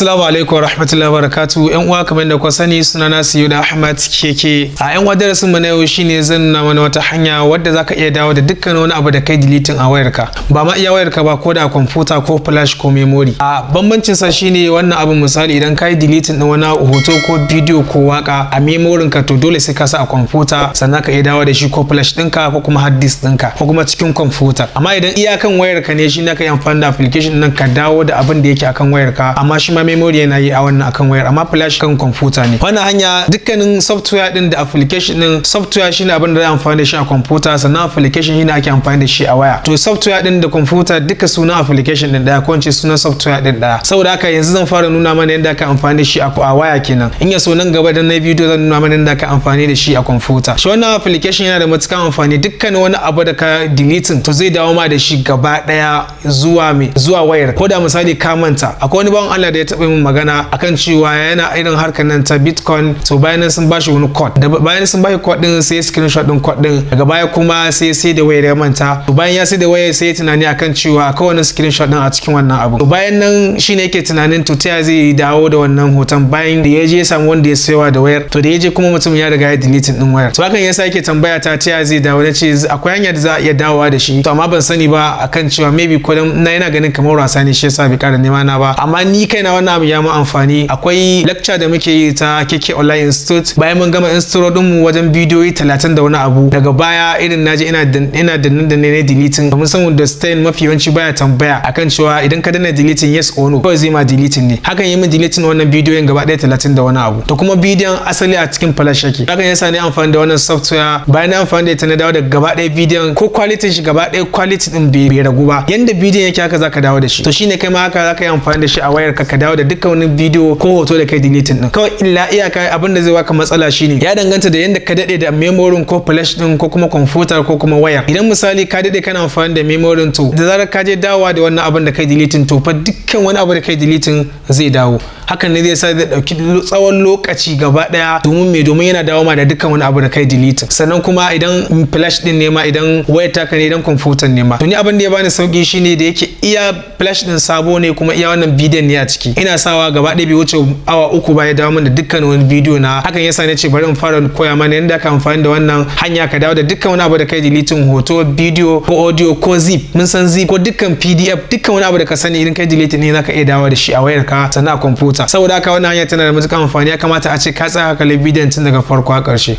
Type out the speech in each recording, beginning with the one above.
Assalamu alaikum wa rahmatullahi wa barakatuhu ƴan uwa kamar da kuka sani suna na siyo da Ahmad keke a ƴan uwa darasin mu na yau shine zan na mana wata hanya wadda zaka iya dawo da dukkan wani abu da kai deleting a wayarka ba ma iya wayarka ba ko da kwamfuta ko flash ko memory a bambancin sa shine wannan abu misali idan kai deleting din wani hoto ko bidiyo ko waka a memory ka to dole sai ka sa a kwamfuta sannan ka iya dawo da shi ko flash ɗinka ko kuma hard disk ɗinka ko kuma cikin kwamfuta amma idan iyakan wayarka ne shi ne ka yi amfani da application nan ka dawo da abin da yake akan wayarka amma shi ma memory na yi a wannan akan wayar amma flash kan computer ne wannan hanya dukkanin software din da application din software shine abin da za amfani da shi a computer sannan application shine ake amfani da shi a waya to software din da computer duka sunan application din daya ko ince sunan software din daya saboda haka yanzu zan fara nuna mana yadda aka amfani da shi a waya kenan in ya so nan gaba dan na video zan nuna mana yadda aka amfani da shi a computer shi wannan application yana da matukan amfani dukkan wani abu da ka deleting to zai dawo ma da shi gaba daya zuwa me zuwa wayar ko da misali ka manta akwai wani bawan Allah da ya taɓa min magana akan cewa yana irin harkar nan ta bitcoin to bayan sun bashi wani code da bayan sun bashi code din sai screenshot din code din daga baya kuma sai sai da wayar ya manta to bayan ya sai da wayar sai ya tunani akan cewa akwai wani screenshot din a cikin wannan abu to bayan nan shine yake tunanin to ta zai dawo da wannan hoton bayan da ya je ya samu wanda ya sayawa da wayar to da ya je kuma mutum ya riga ya deleting din wayar to hakan yasa yake tambaya ta ta zai dawo na ce akwai hanyar da za a iya dawowa da shi to amma ban sani ba akan cewa maybe ko na yana ganin kamar wasa ne shi yasa bai kara nema na ba amma ni kaina wannan wannan mu ya mu amfani akwai lecture da muke yi ta KK Online Institute bayan mun gama instro din mu wajen bidiyoyi 30 da wani abu daga baya irin naji ina ina da nan da ne deleting mun san da stain mafi yawanci baya tambaya akan cewa idan ka danna deleting yes or no ko zai ma deleting ne hakan yi min deleting wannan bidiyoyin gaba ɗaya 30 da wani abu to kuma bidiyon asali a cikin flash yake hakan yasa ne amfani da wannan software bayan amfani da ita na dawo da gaba ɗaya bidiyon ko quality shi gaba ɗaya quality din bai ragu ba yanda bidiyon yake haka zaka dawo da shi to shine kai ma haka zaka yi amfani da shi a wayar ka ka dawo da dukkan wani bidiyo ko hoto da kai deleting din kawai illa iyaka abin da zai baka matsala shine ya danganta da yanda ka dade da memory ko flash din ko kuma computer ko kuma waya idan misali ka dade kana amfani da memory to da zarar ka je dawowa da wannan abin da kai deleting to fa dukkan wani abu da kai deleting zai dawo hakan ne zai sa da dauki tsawon lokaci gaba daya domin me domin yana dawo ma da dukkan wani abu da kai delete sannan kuma idan flash din ne ma idan wayar taka ne idan computer ne ma to ni abin da ya bani sauki shine da yake iya flash din sabo ne kuma iya wannan bidiyon ne a ciki ina sawa gaba ɗaya bai wuce awa uku ba ya dawo min da dukkan wani bidiyo na hakan yasa ne ce bari in fara koya mana yanda ka amfani da wannan hanya ka dawo da dukkan wani abu da kai deleting hoto bidiyo ko audio ko zip mun san zip ko dukkan pdf dukkan wani abu da ka sani idan kai delete ne zaka iya dawo da shi a wayar ka sannan a computer mota saboda haka wannan hanya tana da matuƙar amfani ya kamata a ce ka tsaya kalli bidiyon tun daga farko a ƙarshe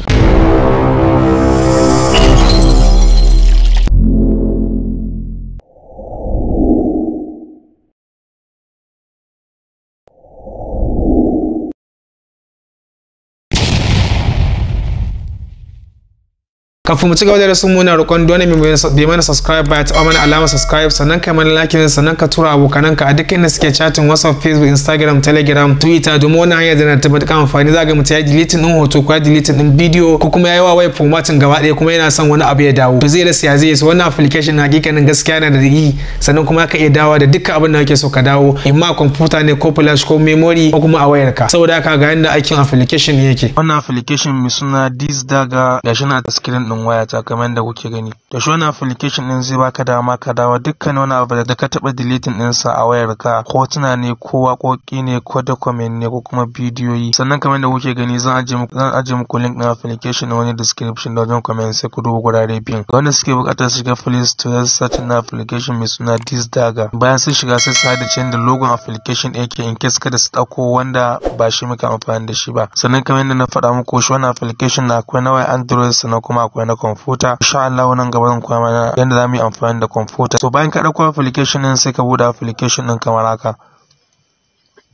kafin mu ci gaba da rasu muna roƙon dole mai bai mana subscribe ba ya taɓa mana alamar subscribe sannan kai mana like sannan ka tura ka a duk inda suke chatting whatsapp facebook instagram telegram twitter domin wani hanyar da na tabbata amfani za ga mutum ya delete din hoto ko ya delete din bidiyo ko kuma ya yi wa wai formatting gaba ɗaya kuma yana son wani abu ya dawo to zai rasa ya zai so wannan application hakikanin gaskiya na da yi sannan kuma ka iya dawa da dukkan abin da kake so ka dawo imma kwamfuta ne ko flash ko memory ko kuma a wayarka saboda haka ga yanda aikin application yake wannan application mai suna this daga gashi na screen din waya ta kamar yadda kuke gani da shi wannan application din zai baka dama ka dawo dukkan wani abu da ka taba deleting ɗinsa a wayar ko hotuna ne ko waƙoƙi ne ko document ne ko kuma bidiyoyi sannan kamar yadda kuke gani zan ajiye muku link na application na wani description da wajen comment sai ku duba gurare biyu ga wanda suke buƙatar shiga play store za su na application mai suna this daga bayan sun shiga sai su haɗa cikin da logon application ɗin ke in case kada su ɗauko wanda ba shi muka amfani da shi ba sannan kamar yadda na faɗa muku shi wannan application na akwai na wayar android sannan kuma akwai na da kwamfuta insha Allah wannan gaba zan koya mana yadda zamu yi amfani da kwamfuta so bayan ka dauko application din sai ka bude application din kamar haka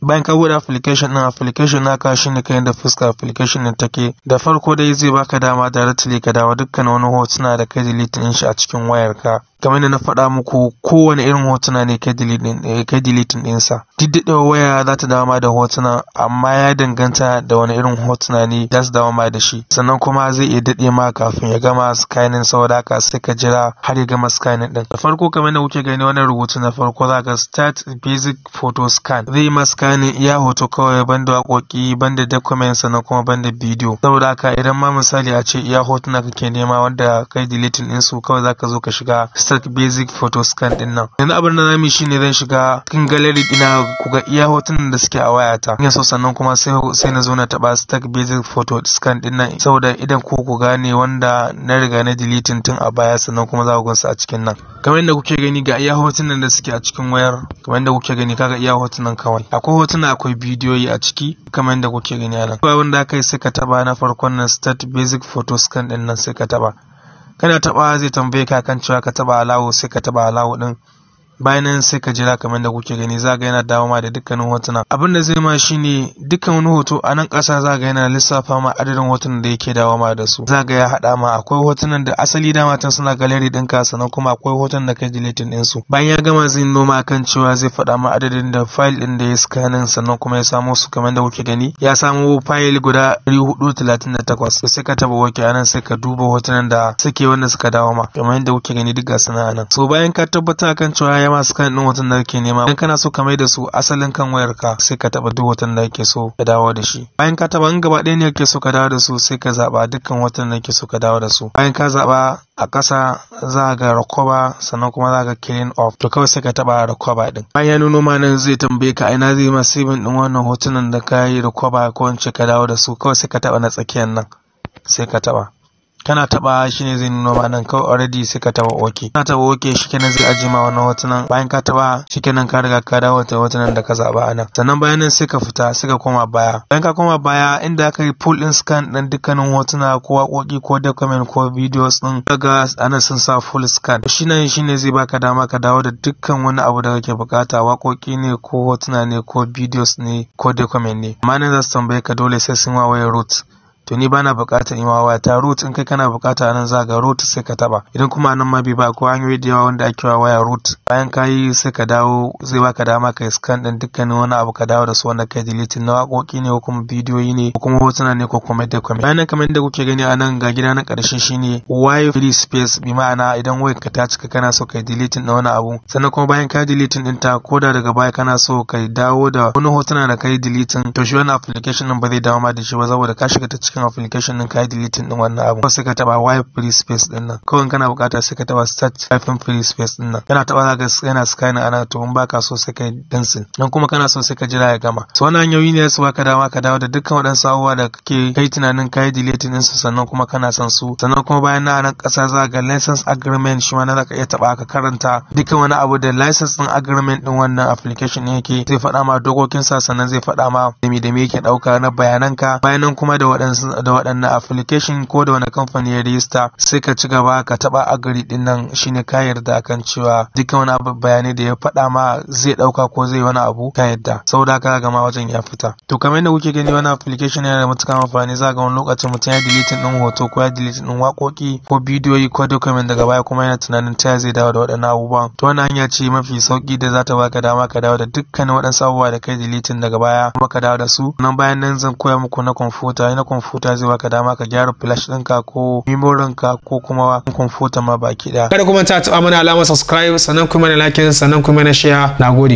bayan ka bude application din application naka shine kai da fuska application din take da farko dai zai baka dama directly ka dawo dukkan wani hotuna da kai delete din shi a cikin wayarka kamar yadda na faɗa muku kowane irin hotuna ne kai deleting eh, ɗinsa duk daɗewar waya za ta dama da hotuna amma ya danganta da wani irin hotuna ne za su dama da shi sannan kuma zai iya daɗe ma kafin ya gama scanning saboda haka sai ka jira har ya gama scanning ɗin da farko kamar yadda kuke gani wannan rubutu na farko za ka start basic photo scan zai yi ma scanning iya hoto kawai banda waƙoƙi banda documents sannan kuma banda bidiyo saboda haka idan ma misali a ce iya hotuna kake nema wanda kai deleting ɗinsu kawai za ka zo ka shiga extract basic photo scan din nan yanzu abin da zamu shine zan shiga cikin gallery dina ku ga iya hotunan da suke a wayata in so sannan kuma sai sai na zo na taba stack basic photo scan din nan saboda idan ku ku gane wanda na riga na deleting tun a baya sannan kuma za ku gansu a cikin nan kamar yadda kuke gani ga iya hotunan da suke a cikin wayar kamar yadda kuke gani kaga iya hotunan kawai akwai hotuna akwai bidiyoyi a ciki kamar yadda kuke gani a nan abin da aka yi sai ka taba na farkon nan start basic photo scan din nan sai ka taba kana taɓawa zai tambaye ka kan cewa ka taɓa lawo sai ka taɓa lawo ɗin bayan nan sai ka jira kamar da kuke gani za ga yana dawo ma da dukkanin hotuna abin da zai ma shine dukkan wani hoto a nan ƙasa za ga yana lissafa ma adadin hotunan da yake dawo ma da su za ga ya haɗa ma akwai hotunan da asali dama can suna galeri ka sannan kuma akwai hotunan da kai deleting ɗin su bayan ya gama zai noma kan cewa zai faɗa ma adadin da file ɗin da ya scanning sannan kuma ya samo su kamar da kuke gani ya samo file guda 438 sai ka taba wake anan sai ka duba hotunan da suke wanda suka dawo ma kamar da kuke gani duk ga suna so bayan ka tabbata kan cewa kai masu kan ɗin hoton da kake nema idan kana so ka mai da su asalin kan wayarka sai ka taɓa duk hoton da kake so ka dawo da shi bayan ka taɓa in gaba ɗaya ne kake so ka dawo da su sai ka zaɓa dukkan hoton da kake so ka dawo da su bayan ka zaɓa a ƙasa za ga rakoba sannan kuma za ga clean off to kawai sai ka taɓa rakoba ɗin bayan ya nuno ma nan zai tambaye ka ina zai ma saving ɗin wannan hotunan da ka yi rakoba ko in ka dawo da su kawai sai ka taɓa na tsakiyar nan sai ka taɓa kana taba shi ne zai nuna nan kawai already sai ka taba oke kana taba shi shikenan zai aje ma wannan hotunan bayan ka taba shikenan ka riga ka dawo ta hotunan da ka zaba anan sannan bayan nan sai ka fita sai ka koma baya bayan ka koma baya inda aka yi full in scan din dukkanin hotuna ko waƙoƙi ko document ko videos din daga anan sun sa full scan shi nan ne zai baka dama ka dawo da dukkan wani abu da kake bukata waƙoƙi ne ko hotuna ne ko videos ne ko document ne amma nan za su tambaye ka dole sai sun wa wayar root to ni bana buƙatar in wa Ta root in kai kana bukata nan za ga root sai ka taba idan kuma nan ma bai ba ko hanyoyi da yawa wanda ake wa waya root bayan ka yi sai ka dawo zai baka dama ka scan din dukkanin wani abu ka dawo da su wanda kai deleting na waƙoƙi ne ko kuma bidiyoyi ne ko kuma hotuna ne ko kuma da kuma bayan kamar da kuke gani a nan ga gida na ƙarshe shine why free space bi ma'ana idan wayar ka ta cika kana so kai deleting na wani abu sannan kuma bayan ka deleting din ta koda da daga baya kana so kai dawo da wani hotuna da kai deleting to shi wani application din ba zai dawo ma da shi ba saboda ka shiga ta cikin cikin application din ka yi deleting din wannan abu sai ka taba wipe free space din nan kawai kana bukata sai ka taba search hyphen free space din nan yana taba zaka yana scanning ana to in baka so sai kai dinsin dan kuma kana so sai ka jira ya gama so wannan hanyoyi ne su baka dama ka dawo da dukkan wadansu abubuwa da kake kai tunanin ka yi deleting din su sannan kuma kana son su sannan kuma bayan nan nan kasa za ga license agreement shi ma na zaka iya taba ka karanta dukkan wani abu da license din agreement din wannan application ne yake zai faɗa ma dokokin sa sannan zai faɗa ma da me da me yake ɗauka na bayananka bayanan kuma da waɗansu da waɗannan application ko da wani kamfani ya rijista sai ka ci gaba ka taɓa a ɗin nan shine ka yarda kan cewa dukkan wani abu bayanai da ya faɗa ma zai ɗauka ko zai wani abu ka yarda saboda haka gama wajen ya fita to kamar yadda kuke gani wani application yana da matuƙar amfani za ga wani lokacin mutum ya deleting ɗin hoto ko ya deleting ɗin waƙoƙi ko bidiyoyi ko document daga baya kuma yana tunanin ta zai dawo da waɗannan abubuwan to wannan hanya ce mafi sauƙi da za ta baka dama ka dawo da dukkanin waɗansu abubuwa da kai deleting daga baya kuma ka dawo da su nan bayan nan zan koya muku na kwamfuta na kwamfuta kwamfuta zai baka dama ka gyara flash ɗinka ko memorinka ko kuma kwamfuta ma baki ɗaya. Kada kuma ta taɓa mana alamar subscribe sannan kuma na like sannan kuma na share. Nagode.